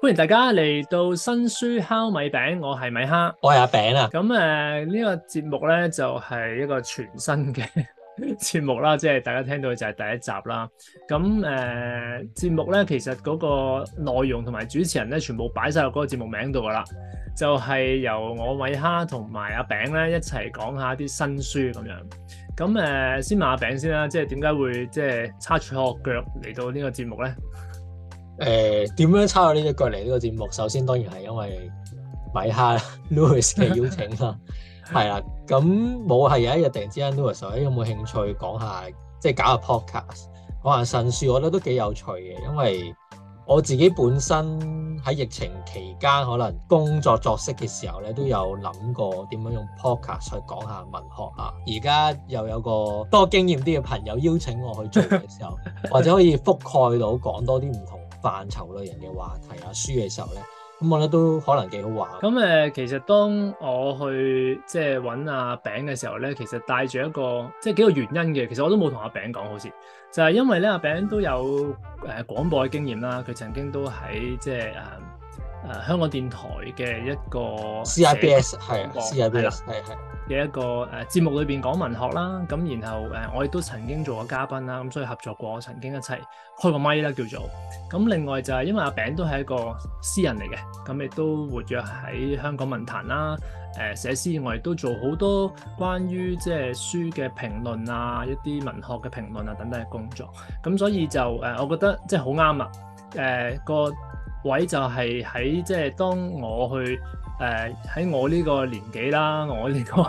歡迎大家嚟到新書烤米餅，我係米哈，我係阿餅啊。咁誒、呢、呃呢個節目咧，就係、是、一個全新嘅節目啦，即係大家聽到就係第一集啦。咁誒、呃，節目咧其實嗰個內容同埋主持人咧，全部擺晒落嗰個節目名度噶啦，就係、是、由我米哈同埋阿餅咧一齊講下啲新書咁樣。咁誒、呃，先問阿餅先啦，即係點解會即係叉住我腳嚟到呢個節目咧？誒點樣參加呢隻腳嚟呢個節目？首先當然係因爲米哈 Louis 嘅邀請啦，係啦。 咁冇係有一日突然之間 Louis，哎、有冇興趣講下即係搞下 podcast 講下新書，我覺得都幾有趣嘅，因爲我自己本身喺疫情期間可能工作作息嘅時候咧，都有諗過點樣用 podcast 去講下文學啊。而家又有個多經驗啲嘅朋友邀請我去做嘅時候， 或者可以覆蓋到講多啲唔同。範疇類型嘅話題啊書嘅時候咧，咁我覺得都可能幾好玩。咁誒，其實當我去即係搵阿餅嘅時候咧，其實帶住一個即係幾個原因嘅。其實我都冇同阿餅講，好似就係、是、因為咧阿餅都有誒廣播嘅經驗啦，佢曾經都喺即係誒誒香港電台嘅一個 CIBS 係 CIBS 啦，系係國。的嘅一個誒節、呃、目裏邊講文學啦，咁、啊、然後誒、呃、我亦都曾經做過嘉賓啦，咁、啊、所以合作過，曾經一齊開個咪啦叫做。咁、啊、另外就係因為阿餅都係一個詩人嚟嘅，咁、啊、亦都活躍喺香港文壇啦，誒寫詩，我亦都做好多關於即係書嘅評論啊，一啲文學嘅評論啊等等嘅工作。咁、啊、所以就誒、啊，我覺得即係好啱啊！誒、啊、個位就係喺即係當我去。誒喺、呃、我呢個年紀啦，我呢個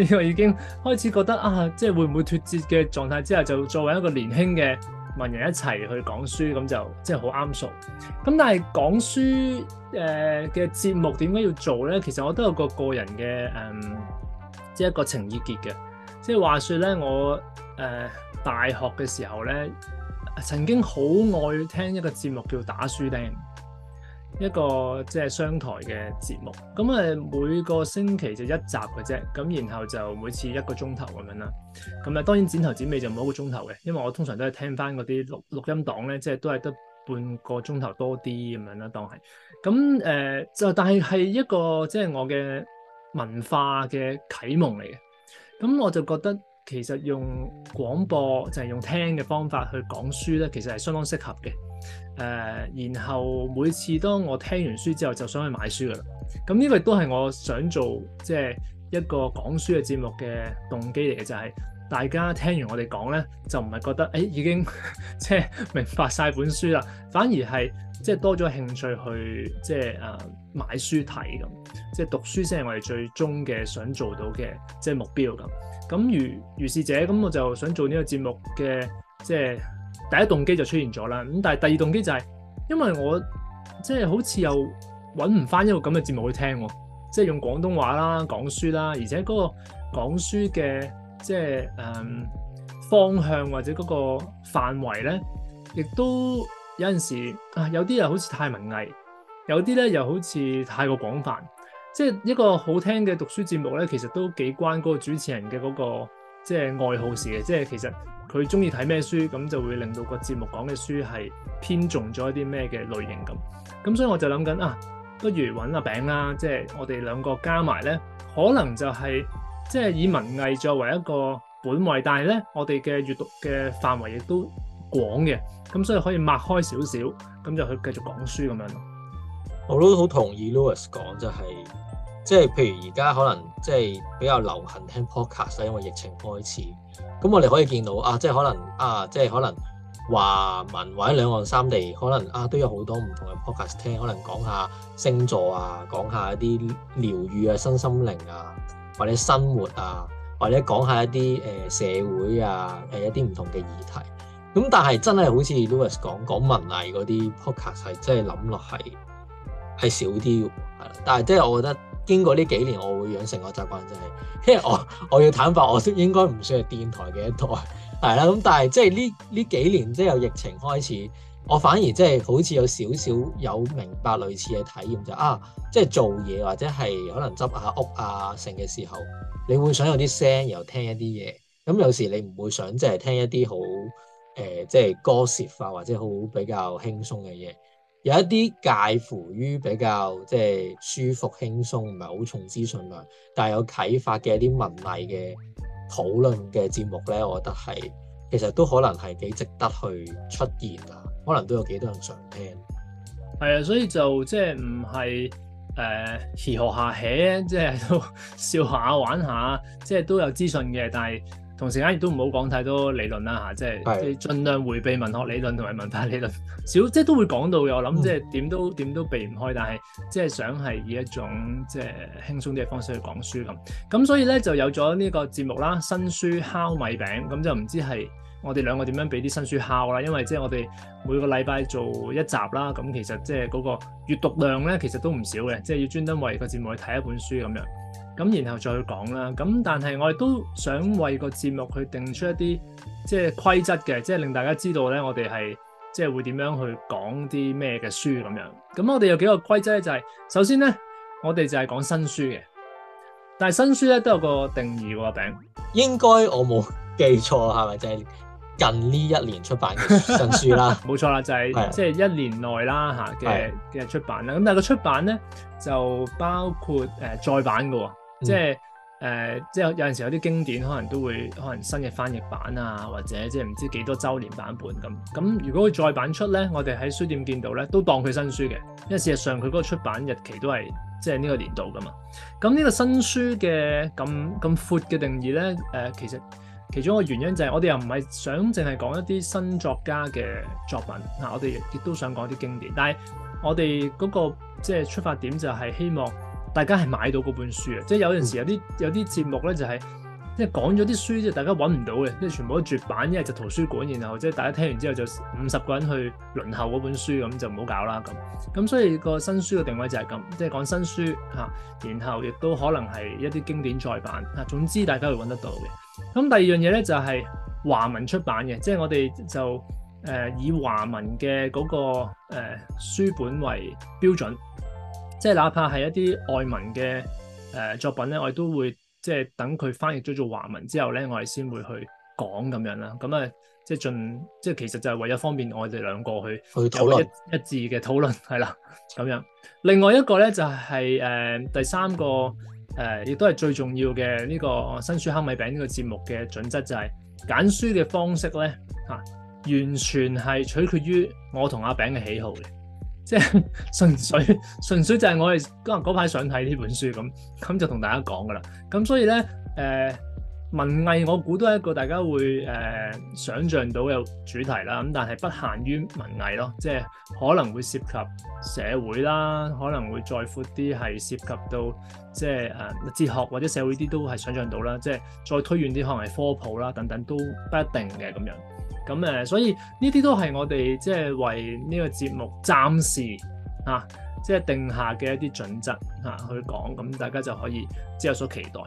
呢個已經開始覺得啊，即係會唔會脱節嘅狀態之下，就作為一個年輕嘅文人一齊去講書，咁就即係好啱數。咁但係講書誒嘅、呃、節目點解要做咧？其實我都有個個人嘅誒、呃，即係一個情意結嘅。即係話説咧，我誒、呃、大學嘅時候咧，曾經好愛聽一個節目叫打書釘。一個即係商台嘅節目，咁誒每個星期就一集嘅啫，咁然後就每次一個鐘頭咁樣啦。咁啊當然剪頭剪尾就唔好一個鐘頭嘅，因為我通常都係聽翻嗰啲錄錄音檔咧，即係都係得半個鐘頭多啲咁樣啦，當係。咁誒就但係係一個即係我嘅文化嘅啟蒙嚟嘅。咁我就覺得其實用廣播就係用聽嘅方法去講書咧，其實係相當適合嘅。誒、呃，然後每次當我聽完書之後，就想去買書㗎喇。咁呢個都係我想做即係一個講書嘅節目嘅動機嚟嘅，就係、是、大家聽完我哋講咧，就唔係覺得誒、哎、已經 即係明白晒本書啦，反而係即係多咗興趣去即係誒買書睇咁，即係讀書先係我哋最終嘅想做到嘅即係目標咁。咁如如是者，咁我就想做呢個節目嘅即係。第一動機就出現咗啦，咁但係第二動機就係、是、因為我即係、就是、好似又揾唔返一個咁嘅節目去聽、哦，即係用廣東話啦講書啦，而且嗰個講書嘅即係誒、嗯、方向或者嗰個範圍咧，亦都有陣時啊，有啲又好似太文藝，有啲咧又好似太過廣泛，即係一個好聽嘅讀書節目咧，其實都幾關嗰個主持人嘅嗰、那個即係愛好事嘅，即係其實。佢中意睇咩書，咁就會令到個節目講嘅書係偏重咗一啲咩嘅類型咁。咁所以我就諗緊啊，不如揾阿餅啦，即係我哋兩個加埋咧，可能就係、是、即係以文藝作為一個本位，但係咧我哋嘅閱讀嘅範圍亦都廣嘅，咁所以可以擘開少少，咁就去繼續講書咁樣。我都好同意 Louis 講，就係即係譬如而家可能即係、就是、比較流行聽 podcast 因為疫情開始。咁我哋可以見到啊，即係可能啊，即係可能華文或者兩岸三地，可能啊都有好多唔同嘅 podcast 聽，可能講下星座啊，講下一啲療癒啊、身心靈啊，或者生活啊，或者講下一啲誒、呃、社會啊誒、呃、一啲唔同嘅議題。咁但係真係好似 Louis 講，講文藝嗰啲 podcast 係真係諗落係係少啲嘅，係啦。但係即係我覺得。經過呢幾年，我會養成個習慣就係、是，因為我我要坦白，我應該唔算係電台嘅一代。係啦。咁但係即係呢呢幾年即係有疫情開始，我反而即係好似有少少有明白類似嘅體驗就是、啊，即係做嘢或者係可能執下屋啊剩嘅時候，你會想有啲聲，又聽一啲嘢。咁有時你唔會想即係聽一啲好誒，即係 gossip 化或者好比較輕鬆嘅嘢。有一啲介乎於比較即係舒服輕鬆，唔係好重資訊量，但係有啟發嘅一啲文藝嘅討論嘅節目咧，我覺得係其實都可能係幾值得去出現啊，可能都有幾多人想聽。係啊，所以就即係唔係誒而學下起，即係都笑下玩下，即係都有資訊嘅，但係。同時間亦都唔好講太多理論啦嚇，的即係即係盡量迴避文學理論同埋文化理論，少即係都會講到嘅。我諗即係點都點都避唔開，但係即係想係以一種即係輕鬆啲嘅方式去講書咁。咁所以咧就有咗呢個節目啦，新書烤米餅。咁就唔知係我哋兩個點樣俾啲新書烤啦？因為即係我哋每個禮拜做一集啦，咁其實即係嗰個閱讀量咧，其實都唔少嘅，即係要專登為個節目去睇一本書咁樣，咁然後再去講啦。咁但係我哋都想為個節目去定出一啲即係規則嘅，即係令大家知道咧，我哋係即係會點樣去講啲咩嘅書咁樣。咁我哋有幾個規則咧，就係首先咧，我哋就係講新書嘅。但係新書咧都有個定義喎，餅。應該我冇記錯係咪？就係近呢一年出版嘅新書啦。冇錯啦，就係即係一年內啦嚇嘅嘅出版啦。咁但係個出版咧就包括誒再版嘅喎。即係誒、呃，即係有陣時有啲經典，可能都會可能新嘅翻譯版啊，或者即係唔知幾多周年版本咁。咁如果佢再版出咧，我哋喺書店見到咧，都當佢新書嘅，因為事實上佢嗰個出版日期都係即係呢個年度噶嘛。咁呢個新書嘅咁咁闊嘅定義咧，誒、呃，其實其中一個原因就係我哋又唔係想淨係講一啲新作家嘅作品，嗱、啊，我哋亦都想講啲經典，但係我哋嗰、嗰個即係出發點就係希望。大家係買到嗰本書啊，即係有陣時有啲有啲節目咧，就係即係講咗啲書，即係、就是、大家揾唔到嘅，即係全部都絕版，因為就圖書館，然後即係大家聽完之後就五十個人去輪候嗰本書，咁就唔好搞啦咁。咁所以個新書嘅定位就係咁，即係講新書嚇，然後亦都可能係一啲經典再版嚇。總之大家會揾得到嘅。咁第二樣嘢咧，就係華文出版嘅，即係我哋就誒、呃、以華文嘅嗰、那個誒、呃、書本為標準。即係哪怕係一啲外文嘅誒、呃、作品咧，我哋都會即係等佢翻譯咗做華文之後咧，我哋先會去講咁樣啦。咁啊，即係盡即係其實就係為咗方便我哋兩個去，去討論有一一致嘅討論係啦咁樣。另外一個咧就係、是、誒、呃、第三個誒、呃，亦都係最重要嘅呢、這個新書烤米餅呢、這個節目嘅準則就係、是、揀書嘅方式咧嚇、啊，完全係取決於我同阿餅嘅喜好嘅。即係純粹，純粹就係我哋嗰能嗰排想睇呢本書咁，咁就同大家講噶啦。咁所以咧，誒、呃、文藝我估都係一個大家會誒、呃、想象到嘅主題啦。咁但係不限於文藝咯，即係可能會涉及社會啦，可能會再闊啲係涉及到即係誒、哲學或者社會啲都係想象到啦。即係再推遠啲可能係科普啦等等，都不一定嘅咁樣。咁誒，所以呢啲都係我哋即係為呢個節目暫時啊，即係定下嘅一啲準則啊，去講咁，大家就可以即係有所期待。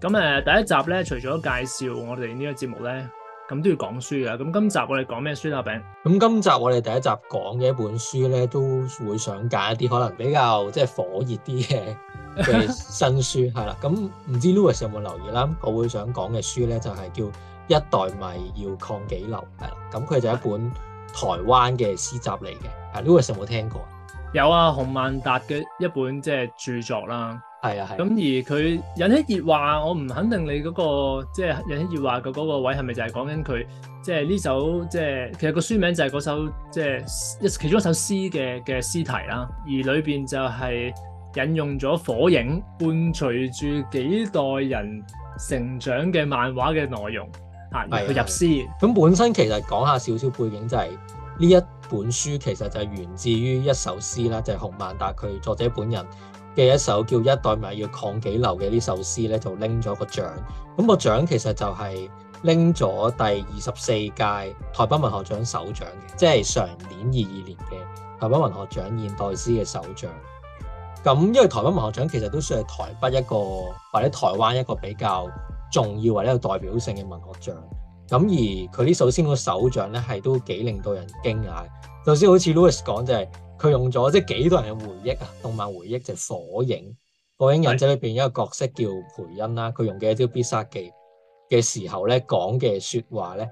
咁誒，第一集咧，除咗介紹我哋呢個節目咧，咁都要講書嘅。咁今集我哋講咩書啊？餅。咁今集我哋第一集講嘅一本書咧，都會想揀一啲可能比較即係火熱啲嘅嘅新書，係啦。 咁唔知 Louis 有冇留意啦？我會想講嘅書咧，就係叫。一代米要扛幾樓，係啦，咁佢、嗯、就一本台灣嘅詩集嚟嘅。啊，呢個有冇聽過？有啊，洪萬達嘅一本即係、就是、著作啦。係啊係。咁而佢引起熱話，我唔肯定你嗰、那個即係、就是、引起熱話嘅嗰個位係咪就係講緊佢即係呢首即係、就是、其實個書名就係嗰首即係一其中一首詩嘅嘅詩題啦。而裏邊就係引用咗《火影》，伴隨住幾代人成長嘅漫畫嘅內容。係入詩咁，是司本身其實講下少少背景，就係呢一本書其實就係源自於一首詩啦，就係、是、洪萬達佢作者本人嘅一首叫《一代米要扛幾樓》嘅呢首詩咧，就拎咗個獎。咁、那個獎其實就係拎咗第二十四屆台北文學獎首獎嘅，即係上年二二年嘅台北文學獎現代詩嘅首獎。咁因為台北文學獎其實都算係台北一個或者台灣一個比較。重要或者有代表性嘅文學獎，咁而佢呢首先個首獎呢係都幾令到人驚訝。頭先好似 Louis 講就係、是、佢用咗即係幾多人嘅回憶啊，動漫回憶就係火影，火影忍者裏邊一個角色叫培恩啦，佢用嘅一招必殺技嘅時候呢講嘅説話呢，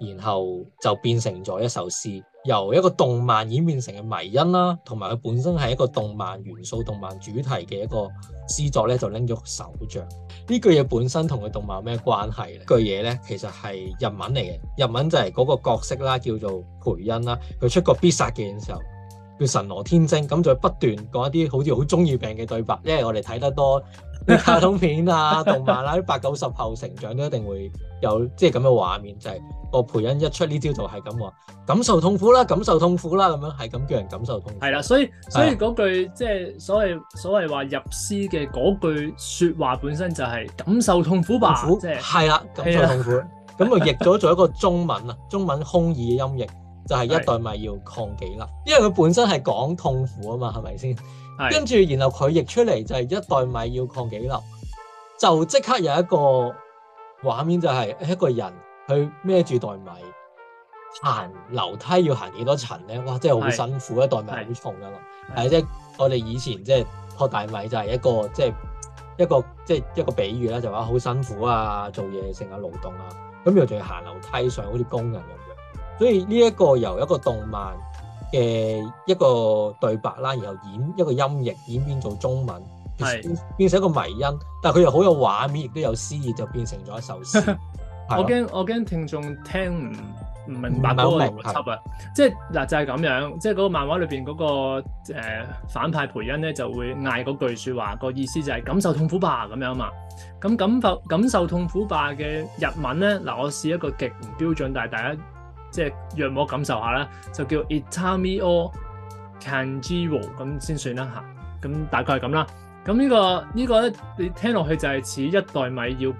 然後就變成咗一首詩。由一個動漫演變成嘅迷因啦，同埋佢本身係一個動漫元素、動漫主題嘅一個詩作咧，就拎咗手掌。呢句嘢本身同佢動漫有咩關係咧？句嘢咧其實係日文嚟嘅，日文就係嗰個角色啦，叫做培恩啦，佢出個必殺技嘅時候，叫神羅天征，咁就不斷講一啲好似好中二病嘅對白，因為我哋睇得多啲卡通片啊、 動漫啦、啊，啲八九十後成長都一定會有即係咁嘅畫面，就係個培恩一出呢招就係咁話，感受痛苦啦，感受痛苦啦咁樣，係咁叫人感受痛苦。係啦，所以所以嗰句即係的所謂所謂話入詩嘅嗰句説話本身就係感受痛苦吧，苦，即係，係啦是，感受痛苦。咁的 就譯咗做一個中文啊，中文空耳嘅音譯。就係一袋米要扛幾樓，因為佢本身係講痛苦啊嘛，係咪先？跟住是然後佢譯出嚟就係一袋米要扛幾樓，就即刻有一個畫面就係一個人去孭住袋米行樓梯，要行幾多層咧？哇！真係好辛苦，是一袋米好重噶。係即係我哋以前即係學大米就係一個即係、就是、一個即係、就是一，就是、一個比喻啦，就話、是、好辛苦啊，做嘢成日勞動啊，咁又仲要行樓梯上，好似工人咁。所以呢一個由一個動漫嘅一個對白啦，然後演一個音譯演變做中文，變是變成一個迷因，但係佢又好有畫面，亦都有詩意，就變成咗一首詩。 是的 我驚我驚聽眾聽唔唔明白嗰個邏輯啊！即係嗱就係咁樣，即係嗰個漫畫裏邊嗰個、呃、反派培恩咧，就會嗌句説話，個意思就係感受痛苦吧咁樣嘛。咁感受感受痛苦吧嘅日文咧，嗱我試一個極唔標準，但係大家。即係讓我感受下啦，就叫 Itami o kanjiru 咁先算啦吓，咁大概係咁啦。咁呢個呢個咧，你聽落去就係似一袋米要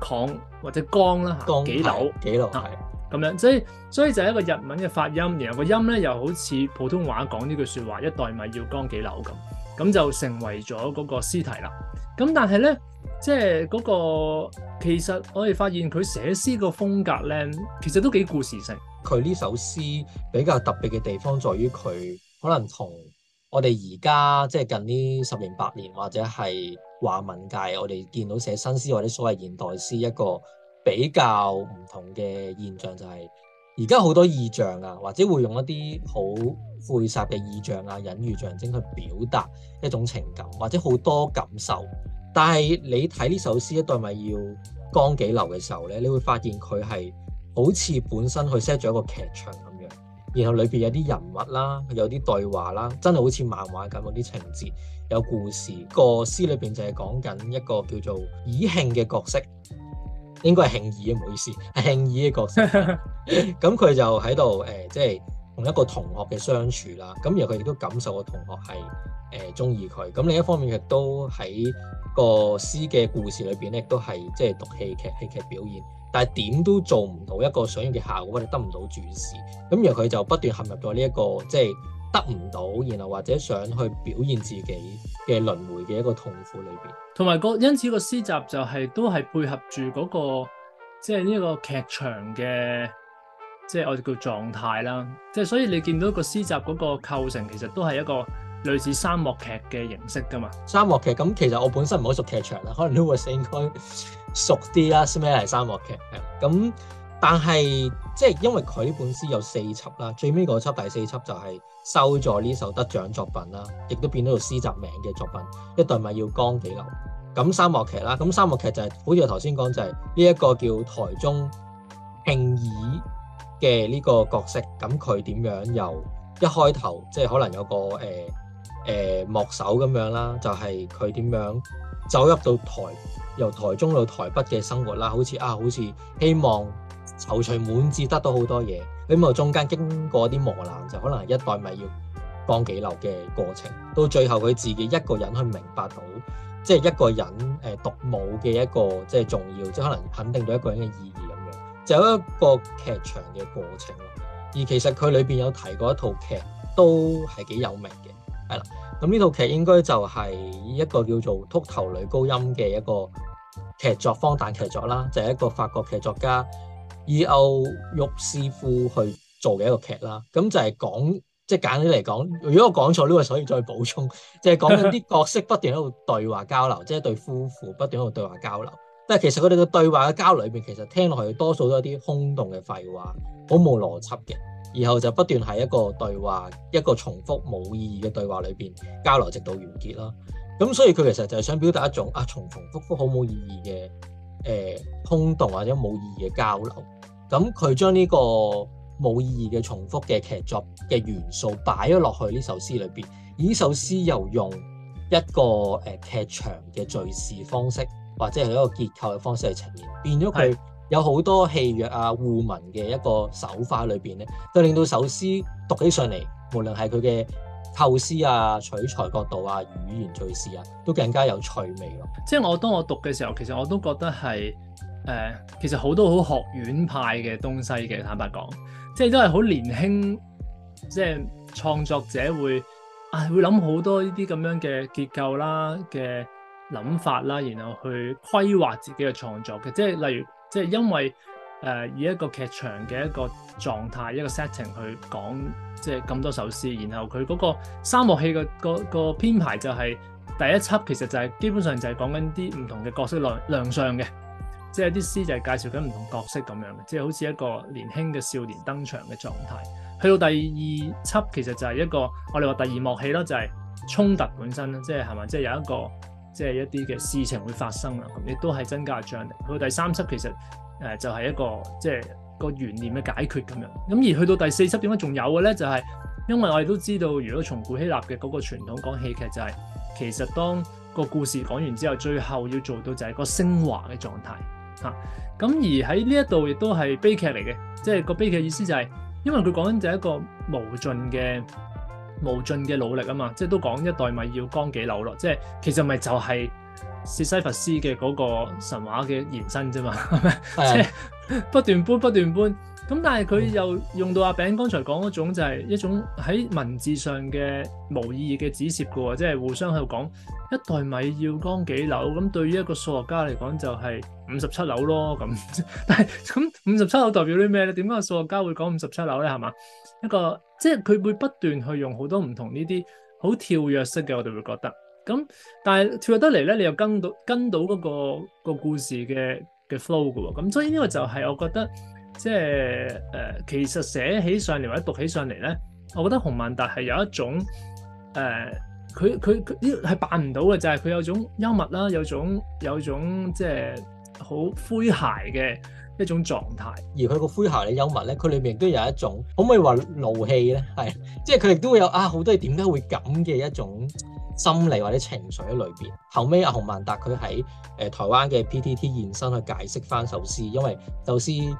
扛或者江啦嚇，幾樓幾樓係咁樣，所以所以就係一個日文嘅發音，然後個音咧又好似普通話講呢句説話，一袋米要扛幾樓咁，咁就成為咗嗰個詩題啦。咁但係咧。即係嗰，那個，其實我哋發現佢寫詩個風格咧，其實都幾故事性。佢呢首詩比較特別嘅地方，在於佢可能同我哋而家即係近呢十年八年或者係華文界，我哋見到寫新詩或者所謂現代詩一個比較唔同嘅現象，就係而家好多意象啊，或者會用一啲好晦澀嘅意象啊，隱喻象徵去表達一種情感，或者好多感受。但係你睇呢首詩，一代米要扛幾樓嘅時候咧，你會發現佢係好似本身去 set 咗一個劇場咁樣，然後裏邊有啲人物啦，有啲對話啦，真係好似漫畫咁，有啲情節，有故事。個詩裏邊就係講緊一個叫做以慶嘅角色，應該係慶義啊，唔好意思，慶義嘅角色。咁 佢就喺度誒，即係。同一個同學嘅相處啦，咁然後佢亦都感受個同學係誒鍾意佢，咁、呃、另一方面亦都喺個詩嘅故事裏邊咧，亦都係即係讀戲劇、戲劇表演，但係點都做唔到一個想要嘅效果，或者得唔到注視，咁然後佢就不斷陷入咗呢一個即係、就是、得唔到，然後或者想去表現自己嘅輪迴嘅一個痛苦裏邊。同埋個因此個詩集就係、是、都係配合住嗰、那個即係呢個劇場嘅。即係我哋叫狀態啦，即係所以你見到個詩集嗰個構成其實都係一個類似三幕劇嘅形式噶嘛。三幕劇，咁其實我本身唔係好熟劇場啦，可能都會應該熟啲啦。咩係三幕劇？咁但係即係因為佢本詩有四輯啦，最尾嗰輯第四輯就係收咗呢首得獎作品啦，亦都變咗個詩集名嘅作品。一代米要扛幾樓，咁三幕劇啦。咁三幕劇就係、係、好似我頭先講就係呢一個叫台中聘椅嘅呢個角色，咁佢點樣由一開頭，即係可能有個誒誒、呃呃、幕手咁樣啦，就係佢點樣走入到台，由台中到台北嘅生活啦，好似啊，好似希望躊躇滿志，得到好多嘢，咁又中間經過啲磨難，就可能一代米要扛幾樓嘅過程，到最後佢自己一個人去明白到，即係一個人誒獨舞嘅一個即係重要，即係可能肯定到一個人嘅意義。就一個劇場嘅過程，而其實佢裏邊有提過一套劇都係幾有名嘅，係啦。咁呢套劇應該就係一個叫做《禿頭女高音》嘅一個劇作，荒誕劇作啦，就係、是、一個法國劇作家 E.O. 魯斯夫去做嘅一個劇啦。咁就係講，即係簡單嚟講，如果我講錯，呢個所以再補充，就係、是、講緊啲角色不斷喺度對話交流，即、就、係、是、對夫婦不斷喺度對話交流。但其實佢哋嘅對話嘅交流裏邊，其實聽落去多數都係啲空洞嘅廢話，好冇邏輯嘅，然後就不斷喺一個對話，一個重複冇意義嘅對話裏邊交流，直到完結啦。咁所以佢其實就係想表達一種啊重重複複好冇意義嘅誒、呃、空洞或者冇意義嘅交流。咁佢將呢個冇意義嘅重複嘅劇作嘅元素擺咗落去呢首詩裏邊，而呢首詩又用一個誒、呃、劇場嘅敘事方式。或者係一個結構嘅方式去呈現，變咗佢有好多戲謔啊、互文嘅一個手法裏邊咧，就令到首詩讀起上嚟，無論係佢嘅構思啊、取材角度啊、語言敘事啊，都更加有趣味咯。即係我當我讀嘅時候，其實我都覺得係誒、呃，其實好多好學院派嘅東西嘅，坦白講，即係都係好年輕，即係創作者會啊會諗好多呢啲咁樣嘅結構啦嘅。諗法啦，然後去規劃自己嘅創作嘅，即係例如，即係因為誒、呃、以一個劇場嘅一個狀態、一個 setting 去講，即係咁多首詩。然後佢嗰個三幕戲嘅個個編排就係第一輯其實就係基本上就係講緊啲唔同嘅角色亮亮相嘅，即係啲詩就係介紹緊唔同角色咁樣嘅，即係好似一個年輕嘅少年登場嘅狀態。去到第二輯其實就係一個我哋話第二幕戲啦，就係、是、衝突本身啦，即係係咪？即係有一個。即係一啲嘅事情會發生啦，咁亦都係增加張力。去到第三輯其實誒、呃、就係、是、一個即係個懸念嘅解決咁樣。咁而去到第四輯點解仲有嘅咧？就係、是、因為我哋都知道，如果從古希臘嘅嗰個傳統講戲劇，就係其實當個故事講完之後，最後要做到就係個升華嘅狀態嚇。咁、啊、而喺呢一度亦都係悲劇嚟嘅，即係個悲劇意思就係、是、因為佢講緊就係一個無盡嘅。無盡嘅努力啊嘛，即係都講一代米要扛幾樓咯。即係其實米就係西西弗斯嘅嗰個神話嘅延伸啫嘛，即係不斷搬，不斷搬。不斷搬咁但係佢又用到阿餅剛才講嗰種，就係一種喺文字上嘅無意義嘅指涉嘅喎，即係互相喺度講一代米要扛幾樓？咁對於一個數學家嚟講就係五十七樓咯咁。但係咁五十七樓代表啲咩咧？點解個數學家會講五十七樓咧？係嘛？一個即係佢會不斷去用好多唔同呢啲好跳躍式嘅，我哋會覺得。咁但係跳躍得嚟咧，你又跟到跟到嗰個個故事嘅嘅 flow 嘅喎。咁所以呢個就係我覺得。即係誒，其實寫起上嚟或者讀起上嚟咧，我覺得洪萬達係有一種誒，佢佢佢呢係扮唔到嘅，就係佢有種幽默啦，有種有種即係、就是、好詼諧嘅一種狀態。而佢個詼諧嘅幽默咧，佢裏面亦都有一種，可唔可以話怒氣咧？係 即係佢亦都會有啊好多嘢點解會咁嘅一種心理或者情緒喺裏邊，後尾阿洪萬達佢喺誒台灣嘅 PTT 現身去解釋翻首詩，因為首詩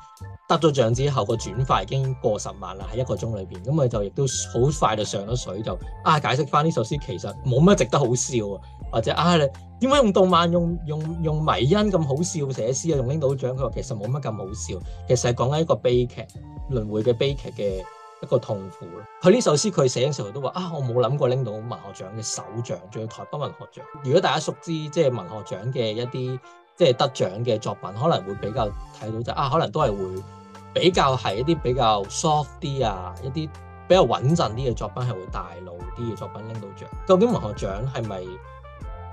得咗獎之後個轉發已經過十萬啦，喺一個鐘裏邊，咁佢就亦都好快就上咗水，就啊解釋翻呢首詩其實冇乜值得好笑啊，或者啊你點解用動漫用用用迷因咁好笑寫詩啊，用拎到獎，佢話其實冇乜咁好笑，其實係講緊一個悲劇輪迴嘅悲劇嘅。一個痛苦咯。佢呢首詩佢寫嘅時候都話：啊，我冇諗過拎到文學獎嘅首獎，仲有台北文學獎。如果大家熟知即係文學獎嘅一啲即係得獎嘅作品，可能會比較睇到就是、啊，可能都係會比較係一啲比較 soft 啲啊，一啲比較穩陣啲嘅作品係會大路啲嘅作品拎到獎。究竟文學獎係咪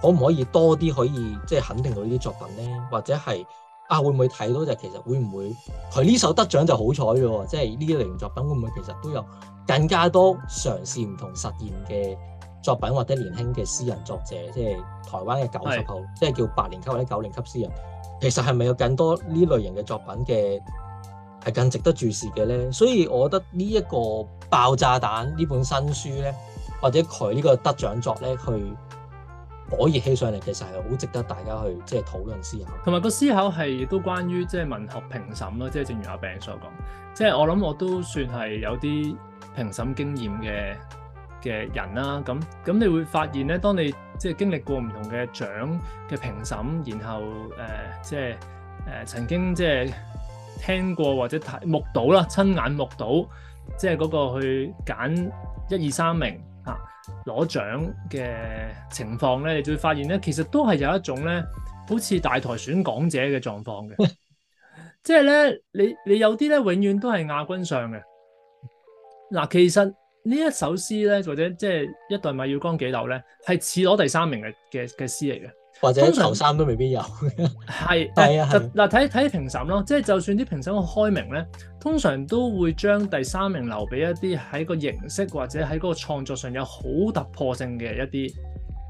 可唔可以多啲可以即係肯定到呢啲作品呢？或者係？啊，會唔會睇到就其實會唔會佢呢首得獎就好彩啫喎，即係呢類型作品會唔會其實都有更加多嘗試唔同實驗嘅作品或者年輕嘅詩人作者，即係台灣嘅九十後，是即係叫八年級或者九年級詩人，其實係咪有更多呢類型嘅作品嘅係更值得注視嘅咧？所以我覺得呢一個爆炸彈呢本新書咧，或者佢呢個得獎作咧去。可以起上嚟，其實係好值得大家去即係討論思考，同埋、那個思考係都關於即係文學評審咯，即係正如阿 b 所講，即係我諗我都算係有啲評審經驗嘅嘅人啦、啊。咁咁你會發現咧，當你即係經歷過唔同嘅獎嘅評審，然後誒、呃、即係誒、呃、曾經即係聽過或者睇目睹啦，親眼目睹即係嗰個去揀一,一二三名。攞獎嘅情況呢，你就會發現咧，其實都係有一種呢，好似大台選港姐嘅狀況嘅，即係呢，你你有啲呢，永遠都係亞軍上嘅。嗱，其實呢一首詩呢，或者即係一代米要扛幾樓呢，係似攞第三名嘅嘅詩嚟嘅。或者前三都未必有。常，係 是，係啊，嗱，睇睇評審咯，即係就算啲評審好開明咧，通常都會將第三名留俾一啲喺個形式或者喺嗰個創作上有好突破性嘅一啲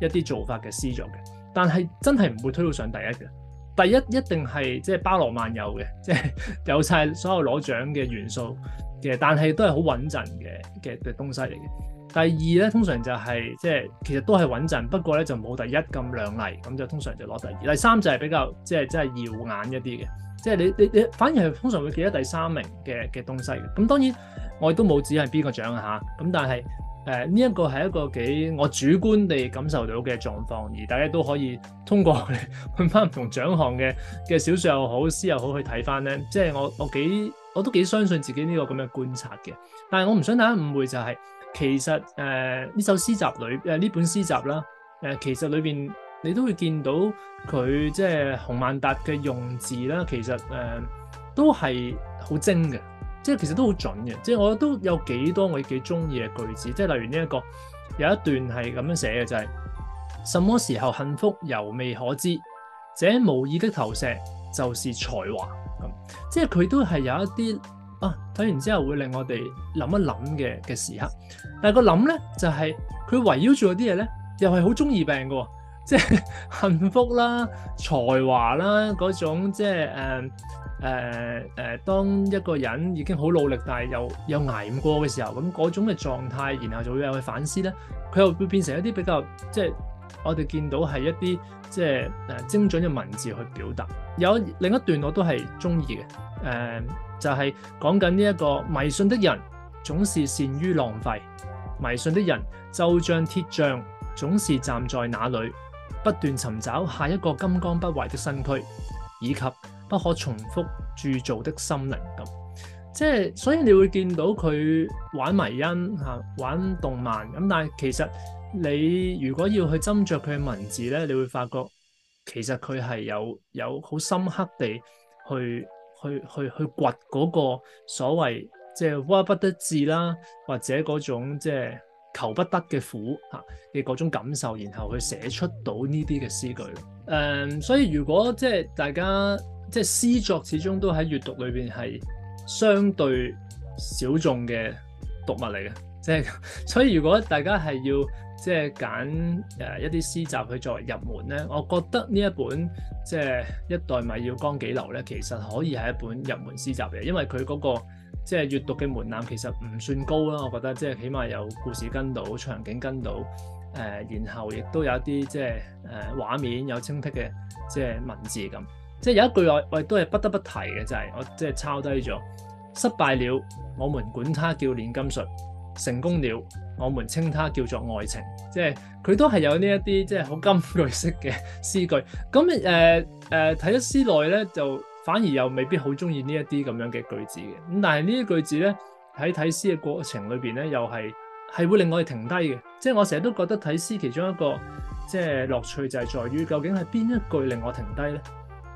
一啲做法嘅詩作嘅，但係真係唔會推到上第一嘅，第一一定係即係包羅萬有嘅，即係有晒所有攞獎嘅元素嘅，但係都係好穩陣嘅嘅嘅東西嚟嘅。第二咧，通常就係、是、即係其實都係穩陣，不過咧就冇第一咁亮麗，咁就通常就攞第二。第三就係比較即係即係耀眼一啲嘅，即係你你你反而係通常會記得第三名嘅嘅東西嘅。咁當然我亦都冇指係邊個獎嚇，咁、啊、但係誒呢一個係一個幾我主觀地感受到嘅狀況，而大家都可以通過揾 唔同獎項嘅嘅小説又好，詩又好去睇翻咧，即係我我幾我都幾相信自己呢個咁嘅觀察嘅。但係我唔想大家誤會就係、是。其實誒呢、呃、首詩集裏誒呢本詩集啦，誒、呃、其實裏邊你都會見到佢即係洪萬達嘅用字啦。其實誒、呃、都係好精嘅，即係其實都好準嘅。即係我都有幾多我幾鍾意嘅句子，即係例如呢、這、一個有一段係咁樣寫嘅就係、是、什麼時候幸福猶未可知，這無意的投射就是才華咁，即係佢都係有一啲。啊，睇完之後會令我哋諗一諗嘅嘅時刻，但係個諗咧就係佢圍繞住嗰啲嘢咧，又係好中意病嘅，哦，即係幸福啦、才華啦嗰種、就是，即係誒誒誒，當一個人已經好努力，但係又又挨唔過嘅時候，咁嗰種嘅狀態，然後就會有去反思咧，佢又會變成一啲比較即係我哋見到係一啲即係誒精準嘅文字去表達。有另一段我都係中意嘅，誒、呃。就係講緊呢一個迷信的人，總是善於浪費。迷信的人就像鐵匠，總是站在那裡，不斷尋找下一個金剛不壞的身軀，以及不可重複鑄造的心靈咁。即係所以你會見到佢玩迷因吓，玩動漫咁。但係其實你如果要去斟酌佢嘅文字咧，你會發覺其實佢係有有好深刻地去。去去去掘嗰個所謂即係鬱不得志啦，或者嗰種即係求不得嘅苦嚇嘅嗰種感受，然後去寫出到呢啲嘅詩句。誒、um，所以如果即係大家即係詩作，始終都喺閱讀裏邊係相對小眾嘅讀物嚟嘅。即係， 所以如果大家係要即係揀誒一啲詩集去作為入門咧，我覺得呢一本即係《一代米要扛幾樓》咧，其實可以係一本入門詩集嘅，因為佢嗰個即係閱讀嘅門檻其實唔算高啦。我覺得即係起碼有故事跟到，場景跟到誒、呃，然後亦都有一啲即係誒畫面有清晰嘅即係文字咁。即係有一句話我亦都係不得不提嘅，就係、是、我即係抄低咗，失敗了，我們管他叫煉金術。成功了，我們稱它叫做愛情，即係佢都係有呢一啲即係好金句式嘅詩句。咁誒誒睇咗詩內咧，就反而又未必好中意呢一啲咁樣嘅句子嘅。咁但係呢啲句子咧，喺睇詩嘅過程裏邊咧，又係係會令我哋停低嘅。即係我成日都覺得睇詩其中一個即係樂趣就係在於究竟係邊一句令我停低咧？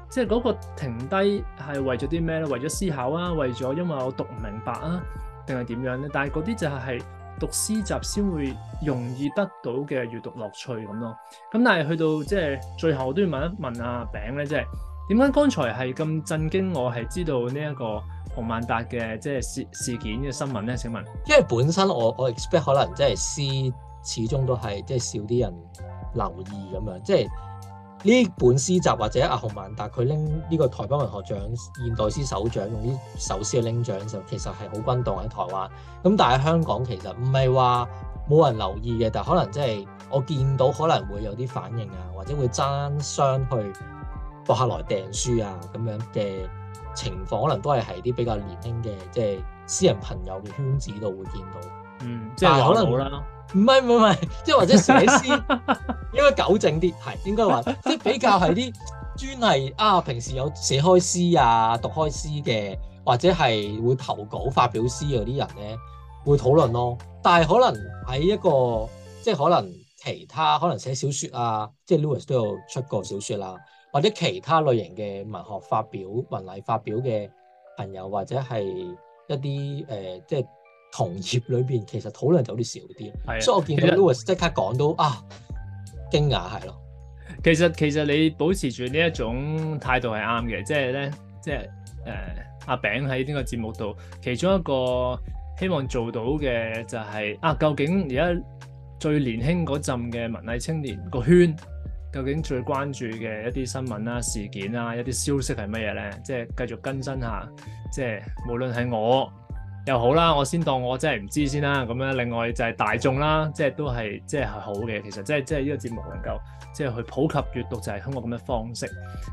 即係嗰個停低係為咗啲咩咧？為咗思考啊，為咗因為我讀唔明白啊。定係點樣咧？但係嗰啲就係讀詩集先會容易得到嘅閱讀樂趣咁咯。咁但係去到即係最後，我都要問一問阿餅咧，即係點解剛才係咁震驚？我係知道呢一個洪萬達嘅即係事事件嘅新聞咧？請問，因為本身我我 expect 可能即係詩始終都係即係少啲人留意咁樣，即係。呢本詩集或者阿洪萬達佢拎呢個台北文學獎現代詩首獎，用啲首詩去拎獎嘅時候，其實係好轟動喺台灣。咁但係香港其實唔係話冇人留意嘅，但係可能即係我見到可能會有啲反應啊，或者會爭相去博客來訂書啊咁樣嘅情況，可能都係喺啲比較年輕嘅即係私人朋友嘅圈子度會見到。嗯，即係可能。唔係唔係唔係，即係或者寫詩應該糾正啲，係應該話即係比較係啲專係啊，平時有寫開詩啊、讀開詩嘅，或者係會投稿發表詩嗰啲人咧，會討論咯。但係可能喺一個即係可能其他可能寫小説啊，即係 Lewis 都有出過小説啦、啊，或者其他類型嘅文學發表文藝發表嘅朋友，或者係一啲誒、呃、即係。同業裏邊其實討論就有啲少啲，係啊，所以我見到 Louis 即刻講到啊，驚訝係咯。其實其實你保持住呢一種態度係啱嘅，即係咧，即係誒阿餅喺呢個節目度，其中一個希望做到嘅就係啊，究竟而家最年輕嗰陣嘅文藝青年個圈，究竟最關注嘅一啲新聞啦、事件啦、一啲消息係乜嘢咧？即係繼續更新下，即係無論係我。又好啦，我先當我真係唔知先啦。咁樣，另外就係大眾啦，即係都係即係係好嘅。其實、即係、即係即係呢個節目能夠即係去普及閱讀，就係通過咁嘅方式。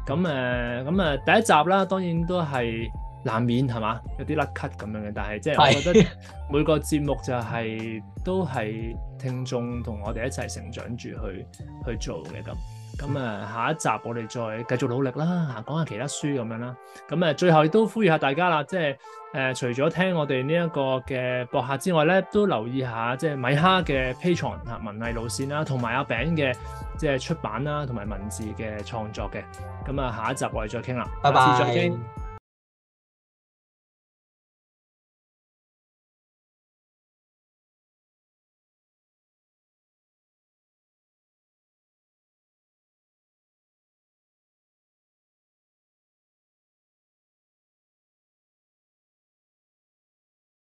咁誒，咁、呃、啊第一集啦，當然都係難免係嘛有啲甩咳咁樣嘅。但係即係我覺得每個節目就係、係、 都係聽眾同我哋一齊成長住去去做嘅咁。咁啊、呃，下一集我哋再繼續努力啦，嚇講下其他書咁樣啦。咁啊，最後亦都呼籲下大家啦，即係誒除咗聽我哋呢一個嘅博客之外咧，都留意下即係米哈嘅 Patreon 啊文藝路線啦，同埋阿餅嘅即係出版啦，同埋文字嘅創作嘅。咁啊，下一集我哋再傾啦，拜拜，下次再傾。